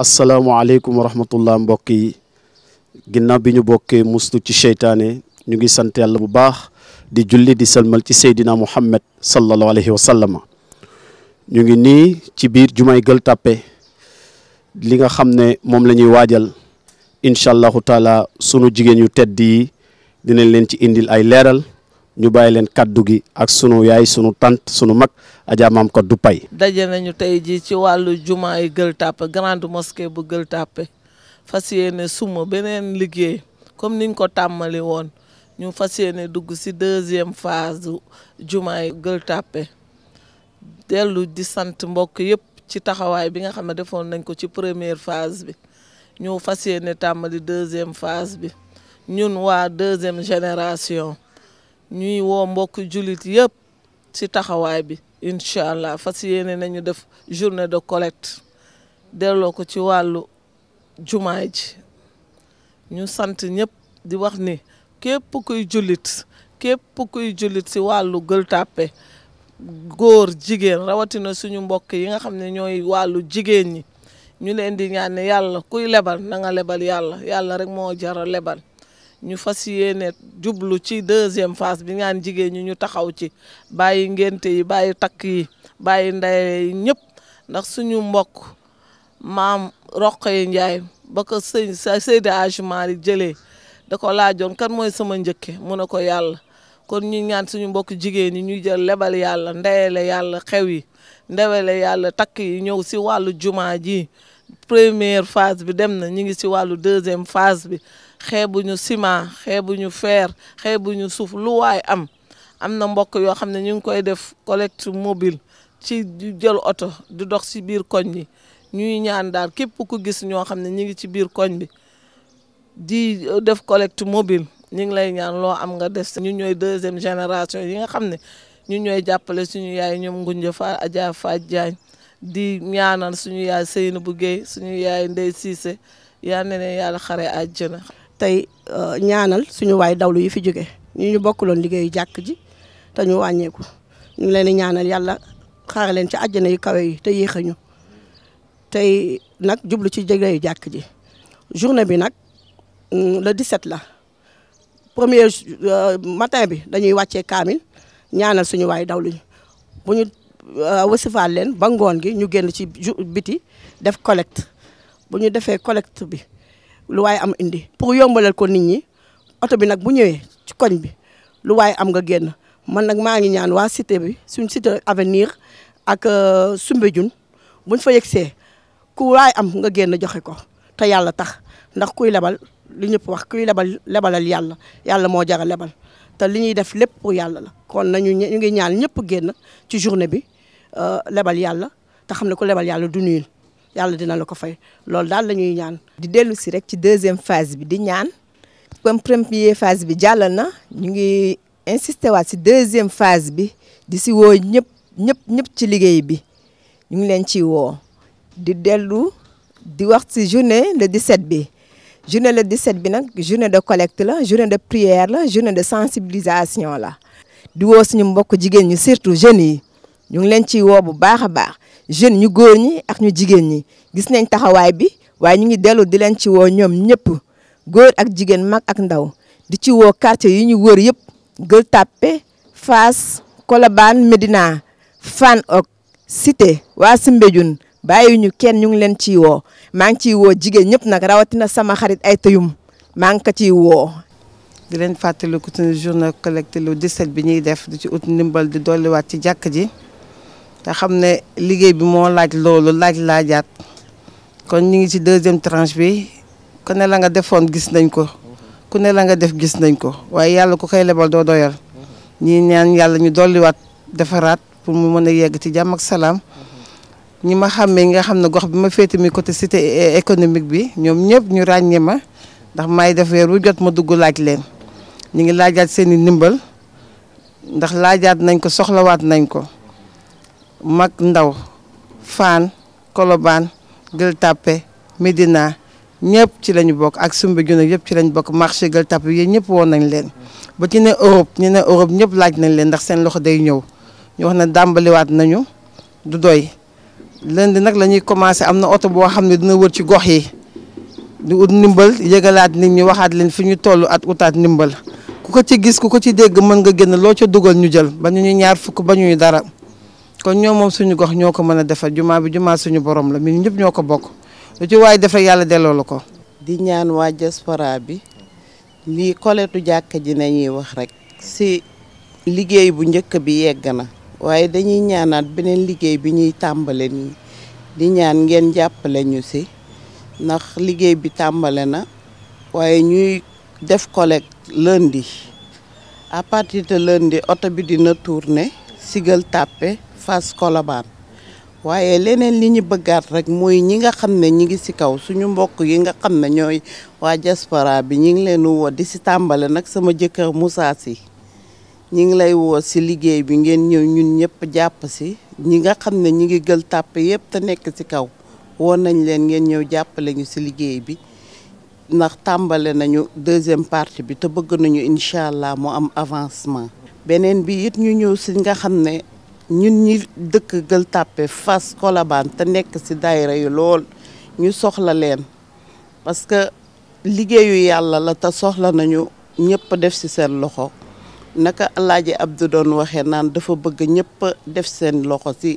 asalaamaaleykum wa rahmatullah mbokk yi ginnaaw bi ñu bokkee mustu ci seytaane ñu ngi sant yàlla bu baax di julli di salmal ci seydina muhammad sallallahu alayhi wa ñu ngi nii ci biir jumay gël Tapée li nga xam ne moom la ñuy waajal incha allahu taala sunu jigéen ñu tedd yi dinañ leen ci indil ay leeral ñu bàyyi leen kàddu gi ak sunu yaay sunu tant sunu mag Adja Maam Koddu Pay daje nañu tey jii ci wàllu jumaa yi Gueule Tapée grande mosquée bu Gueule Tapée fas yéene suma beneen liggéey comme niñ ko tàmmali woon ñu fas yéene dugg si deuxième phase jumaa yi Gueule Tapée dellu di sant mbokk yëpp ci taxawaay bi nga xam ne defoon nañ ko ci première phase bi ñu fas yéene tàmmali deuxième phase bi ñun waa deuxième génération ñuy woo mbokk julit yëpp si taxawaay bi incha allah fas yéene nañu def journée de collecte delloo ko ci wàllu jumaay ji ñu sant ñëpp di wax ni képp kuy julit képp kuy jullit si wàllu Gueule Tapée góor jigéen rawatina suñu mbokk yi nga xam ne ñooy wàllu jigéen ñi ñu leen di ñaan ne yàlla kuy lebal nanga nga lebal yàlla yàlla rek moo jara lebal ñu fas yéene jublu ci deuxième phase bi ngaan jigéen ñi ñu taxaw ci bàyyi ngénte yi bàyyi takk yi bàyyi ndaye yi ñëpp ndax suñu mbokk maam Roqe Njaay ba ko sëñ Seydi Hadji Malick jëlee da ko laajoon kan mooy sama njëkke mu ne ko yàlla kon ñu ñaan suñu mbokk jigéen ñi ñuy jël lebal yàlla ndeyale yàlla xew yi ndewale yàlla takk yi ñëw si wàllu jumaa ji première phase bi dem na ñu ngi ci wàllu deuxième phase bi xeebuñu ciment xeebuñu fer xeebuñu suuf lu waay am am na mbokk yoo xam ne ñu ngi koy def collecte mobile ci jël oto di dox ci biir koñ bi ñu ñaan daal képp ku gis ñoo xam ne ñu ngi ci biir koñ bi di euh, def collecte mobile ñu ngi lay ñaan loo am nga def ñu ñooy deuxième génération yi nga xam ne ñu ñooy jàppale suñu yaay ñoom Ngunja Fa Adja Fa Diagne di ñaanal suñu yaay Seynabou Guèye suñu yaay Ndeye Cissé yaa ne ne yàlla xare àjjana tey euh, ñaanal suñu waay dawlu yi fi jóge ñu ñu bokkuloon liggéey jàkk ji te wàññeeku leen di ñaanal yàlla xaare leen ci àjjana yu kawe yi te yéex a ñu tey nag jublu ci liggéeyu jàkk ji journée bi nag mm, le 17 la premier euh, matin bi dañuy wàccee kaamil ñaanal suñu waay dawlu ñu Euh, wasifaal leen ba ngoon gi ñu génn ci biti def collecte bu ñu defee collecte bi lu waaye am indi pour yombalal ko nit ñi oto bi nag bu ñëwee ci koñ bi lu waaye am nga génn man nag maa ngi ñaan waa cité bi suñ cité avenir ak euh, Soumbédioune buñ fa yegsee ku waaye am nga génn joxe ko te yàlla tax ndax kuy lebal li ñëpp wax kuy lebal lebalal yàlla yàlla moo jara lebal te li ñuy def lépp pour yàlla la kon nañu ñu ngi ñaan ñëpp génn ci journée bi euh, lebal yàlla te xam ne ku lebal yàlla du nuyul yàlla dina la ko fay loolu daal la ñuy ñaan. di dellu si rek ci deuxième phase bi di ñaan comme première phase bi jàll na ñu ngi insister waat si deuxième phase bi di si woo ñëpp ñëpp ñëpp ci liggéey bi ñu ngi leen ciy woo. di dellu di wax si journée le set bi. journée le 17 bi nag journée de collecte la journée de prière la journée de sensibilisation la di woo suñu mbokk jigéen ñi surtout jeunes yi ñu ngi leen ciy woo bu baax a baax jeunes ñu góor ñi ak ñu jigéen ñi gis nañ taxawaay bi waaye ñu ngi dellu di leen ci woo ñoom ñëpp góor ak jigéen mag ak ndaw di ci woo quartier yi ñu wër yëpp Gueule Tapée Fass Colobane Médina Fann ok Cité waa Soumbédioune bàyyiwuñu kenn ñu ngi leen ciy woo maa ngi ciy woo jigéen ñëpp nag rawatina sama xarit ay tëyum maa ngi ko ciy woo. di leen fàttaliku suñu journée collecte lu 17 bi ñuy def di ci ut ndimbal di dolliwaat ci jàkk ji te xam ne liggéey bi moo laaj loolu laaj laajaat kon ñu ngi ci deuxième tranche bi ku ne la nga defoon gis nañ ko ku ne la nga def gis nañ ko waaye yàlla ku koy lebal doo doyal ñaan yàlla ñu dolliwaat defaraat pour mu mën a yegg ci jàmm ak salaam ñi ma xàmmee nga xam ne gox bi ma féete mi côté cité économique bi ñoom ñëpp ñu ràññee ma ndax may def weeru jot ma dugg laaj leen ñu ngi laajaat seeni ndimbal ndax laajaat nañ ko soxlawaat nañ ko mag ndaw Fann Colobane Gueule Tapée Médina ñëpp ci lañu bokk ak Soumbédioune yëpp ci lañ bokk marché Gueule Tapée yéen ñëpp woon nañ leen ba ci ne Europe ñu ne Europe ñëpp laaj nañ leen ndax seen loxo day ñëw ñu wax ne dàmbaliwaat nañu du doy lundi nag la ñuy commencé am na oto boo xam ne dina wër ci gox yi di ut ndimbal yëgalaat nit ñi waxaat leen fu ñu toll at utaat nimbal ku ko ci gis ku ko ci dégg mën nga génn loo ca dugal ñu jël ba ñu ñu ñaar fukk ba ñu dara kon ñoo moom suñu gox ñoo ko mën a defar jumaa bi jumaa suñu borom la mi ñëpp ñoo ko bokk lu ci waaye def rek yàlla delloo la ko. di ñaan waa diaspora bi lii koleetu jàkka ji nañuy wax rek si liggéey bu njëkk bi yegg na. waaye dañuy ñaanaat beneen liggéey bi ñuy tàmbale nii di ñaan ngeen jàppale ñu si ndax liggéey bi tàmbale na waaye ñuy def collecte lundi à partir de oto bi dina tourné Sigal Tàppe fas Colobane waaye leneen li ñu bëggaat rek mooy ñi nga xam ne ñi ngi si kaw suñu mbokk yi nga xam ne ñooy waa diaspora bi ñi ngi leen woo di si tàmbale nag sama jëkkër Moussa si ñu ngi lay woo si liggéey bi ngeen ñëw ñun ñëpp jàpp si ñi nga xam ne ñi ngi gël tàppe yëpp te nekk si kaw woon nañ leen ngeen ñëw jàppale ñu si liggéey bi ndax tàmbale nañu deuxième partie bi te bëgg nañu incha allah mu am avancement. beneen bi it ñu ñëw si nga xam ne ñun ñi dëkk gël tàppe fas Colobane te nekk si daayira yi lool ñu soxla leen parce que liggéeyu yàlla la te soxla nañu ñëpp def si seen loxo. naka Alaaji Abdu doon waxee naan dafa bëgg ñëpp def seen loxo ci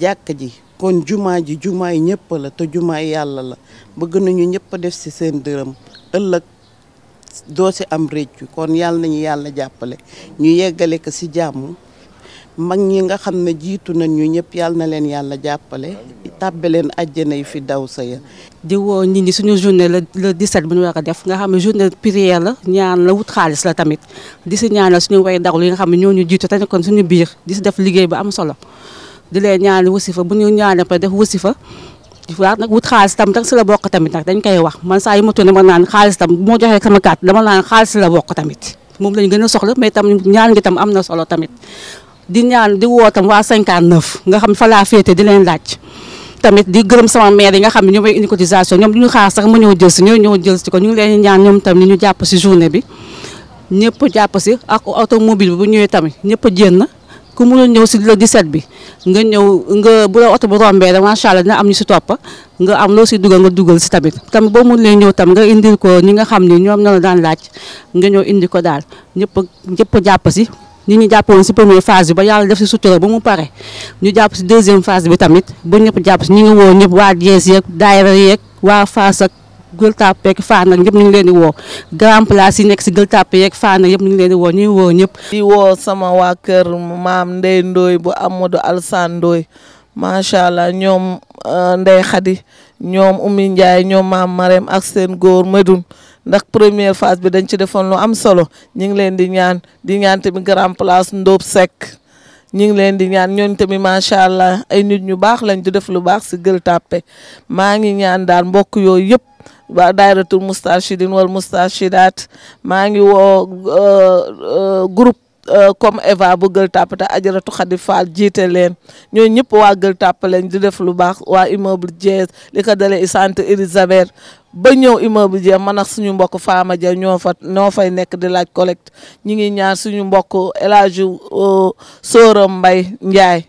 jàkk ji kon jumaa ji jumaa yi ñëpp la te jumaa yi yàlla la bëgg nañu ñëpp def ci seen dërëm ëllëg doo ci am réccu kon yàlla nañu yàlla jàppale ñu yeggale ko ci jàmm mag ñi nga xam ne jiitu nañ ñu ñëpp yàlla na leen yàlla jàppale tàbbe leen àjjana yi fi daw sa ya di woo nit suñu journée la le 17 bu ñu war a def nga xam ne journée prière la ñaan la wut xaalis la tamit di si ñaanal suñu way dawlu yi nga xam ne ñoo ñu jiitu te ko suñu biir di si def liggéey bu am solo di leen ñaan wasifa bu ñu ñaanee pa def wasifa waaw nag wut xaalis tam tax si la bokk tamit nag dañ koy wax man saa yi ma tourné ma naan xaalis tam moo joxee sama carte dama naan xaalis la bokk tamit moom lañ gën a soxla mais tam ñaan ngi tam am na solo tamit di ñaan di wootam waa 59 nga xam fa laa féete di leen laaj tamit di gërëm sama maire yi nga xam ne ñoo may indi ñoom du ñu xaar sax ma ñëw si ñoo ñëw jël ko ñu ngi leen ñaan ñoom tamit ñu jàpp si bi ñëpp jàpp si ak automobile bi bu ñëwee tamit ñëpp jénn ku mënul ñëw si le 17 bi nga ñëw nga bu la oto bu rombee rek macha allah am ñu si topp nga am loo si dugal nga dugal si tamit tamit boo mënulee ñëw tam nga indil ko ñi nga xam ni ñoo la daan laaj nga ñëw indi ko daal ñëpp ñëpp jàpp si. ni ñu jàppoon si première phase bi ba yàlla def si sutura ba mu pare ñu jàpp si deuxième phase bi tamit ba ñëpp jàpp si ñu ngi woo ñëpp waa Diès yeeg daayira yeeg waa Fass ak Gueule Tapée ak Fann ak ñëpp ñu ngi leen di woo grand place yi nekk si gël Tapée yeeg Fann ak ñëpp ñu ngi leen di woo ñu woo ñëpp di woo sama waa kër maam Ndey Ndooy bu Amadou Alsane Ndooy macha allah ñoom euh, Ndey Xadi ñoom Umi Ndiaye ñoom maam Marème ak seen góor Medoune ndax première phase bi dañ ci defoon lu am solo ñu ngi leen di ñaan di ñaan tamit grand place Ndoob Seck ñu ngi leen di ñaan ñooñ tamit macha allah ay nit ñu baax lañ di def lu baax si Gueule Tapée maa ngi ñaan daal mbokk yooyu yëpp waa daayratul moustachidine wal moustachidaat maa ngi woo euh, euh, groupe Euh, comme Eva bu Gueule Tapée te Ajaratu Khady Fall jiite leen ñooñu ñëpp waa Gueule tapp lañ di def lu baax waa immeuble Diez li ko dalee Sante Elisabeth ba ñëw immeuble Diez ma ak suñu mbokk faama Dia ñoo fa ñoo fay nekk di laaj collecte ñi ngi ñaar suñu mbokk El Hadj euh, Sora Mbaye Ndiaye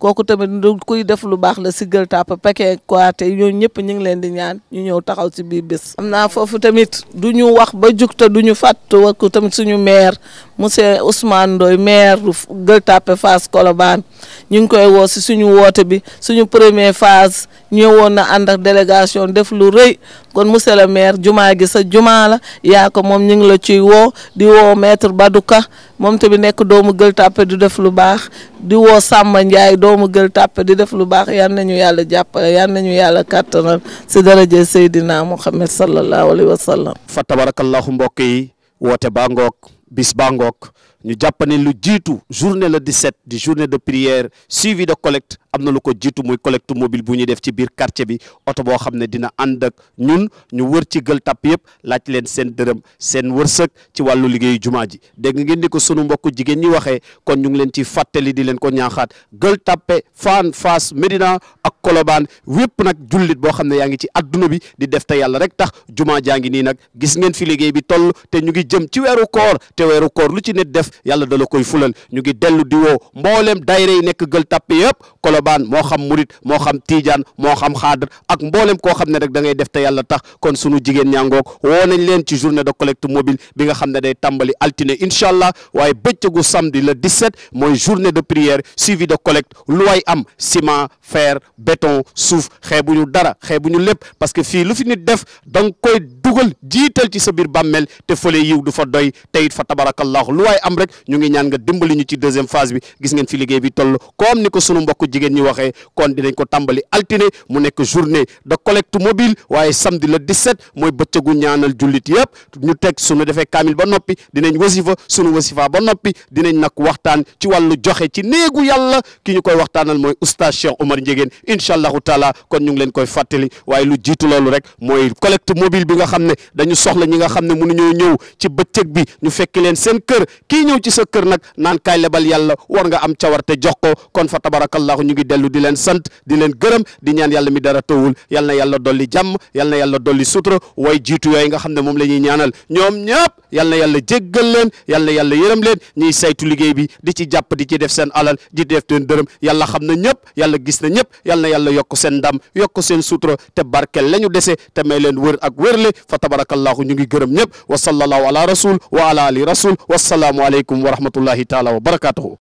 kooku tamit du kuy def lu baax la si Gueule Tapée Pekin Koité ñooñu ñëpp ñu ngi leen di ñaan ñu ñëw taxaw si biir bés. am naa foofu tamit du ñu wax ba jug du ñu fàttewal ko tamit suñu maire monsieur Ousmane Ndoye maire Gueule Tapée Fass kolobaan ñu ngi koy woo si suñu woote bi suñu première phase ñëwoon na ànd ak délégation def lu rëy kon monsieur le maire jumaa gi sa jumaa la yaa ko moom ñu ngi la ciy woo di woo maître Badouka moom tamit nekk doomu Gueule Tapée du def lu baax di woo Samba Ndiaye doomu Gueule Tapée di def lu baax yal nañu yàlla jàppale yal nañu yàlla kàttanal si daraje Seydina Muhammad sallallahu alayhi wa sallam fa tabarakallahu mbokk yi woote baa bis baa ngoog ñu jàpp lu jiitu journée le 17 di journée de prière suivi de collecte am na lu ko jiitu muy collecte mobile bu ñu def ci biir quartier bi oto boo xam ne dina ànd ak ñun ñu wër ci gël tàpp yëpp laaj leen seen dërëm seen wërsëg ci wàllu liggéeyu jumaa ji dégg ngeen ni ko sunu mbokku jigéen ñi waxee kon ñu ngi leen ci fàttali di leen ko ñaaxaat gël tàppe fan fas Médina ak Colobane wépp nag jullit boo xam ne yaa ngi ci adduna bi di def te yàlla rek tax jumaa jaa ngi nag gis ngeen fi liggéey bi toll te ñu ngi jëm ci weeru koor te weeru koor lu ci nit def def yàlla dala koy fulal ñu ngi dellu di woo mbooleem dayre yi nekk gël tàppe yëpp kolobaan moo xam murit moo xam tiijaan moo xam xaadar ak mbooleem koo xam ne rek da ngay def te yàlla tax kon sunu jigéen ñàngoog woo nañ leen ci journée de collecte mobile bi nga xam ne day tàmbali altine incha allah waaye bëccëgu samedi la 17 mooy journée de prière suivi de collecte lu waay am ciment fer béton suuf ñu dara ñu lépp parce que fii lu fi nit def da nga koy dugal jiital ci sa biir bàmmeel te fële fa doy rek ñu ngi ñaan nga dimbali ñu ci deuxième phase bi gis ngeen fi liggéey bi toll comme ni ko sunu mbokk jigéen ñi waxee kon dinañ ko tàmbali altine mu nekk journée de collecte mobile waaye samedi le 17 mooy bëccëgu ñaanal jullit yëpp ñu teg sunu defee kaamil ba noppi dinañ wasifa sunu wasifa ba noppi dinañ nag waxtaan ci wàllu joxe ci néegu yàlla ki ñu koy waxtaanal mooy oustaz Cheikh Omar Ndiéguène incha allahu taala kon ñu ngi leen koy fàttali waaye lu jiitu loolu rek mooy collecte mobile bi nga xam ne dañu soxla ñi nga xam ne mënuñoo ñëw ci bëccëg bi ñu ñëw ci sa kër nag naan kaay lebal yàlla war nga am cawarte jox ko kon fa tabarakallahu ñu ngi dellu di leen sant di leen gërëm di ñaan yàlla mi dara tawul yal na yàlla dolli jàmm yal na yàlla dolli sutura way jiitu yooyu nga xam ne moom la ñuy ñaanal ñoom ñëpp yal na yàlla jéggal leen yal na yàlla yërëm leen ñiy saytu liggéey bi di ci jàpp di ci def seen alal di def seen dërëm yalla xam na ñëpp yalla gis na ñëpp yal na yàlla yokk seen ndam yokk seen sutura te barkel la ñu dese te may leen wër ak wërle fa tabarakallahu ñu ngi gërëm ñëpp wa sallallahu ala aleykum wa rahmatullahi taala wa barakaatuhu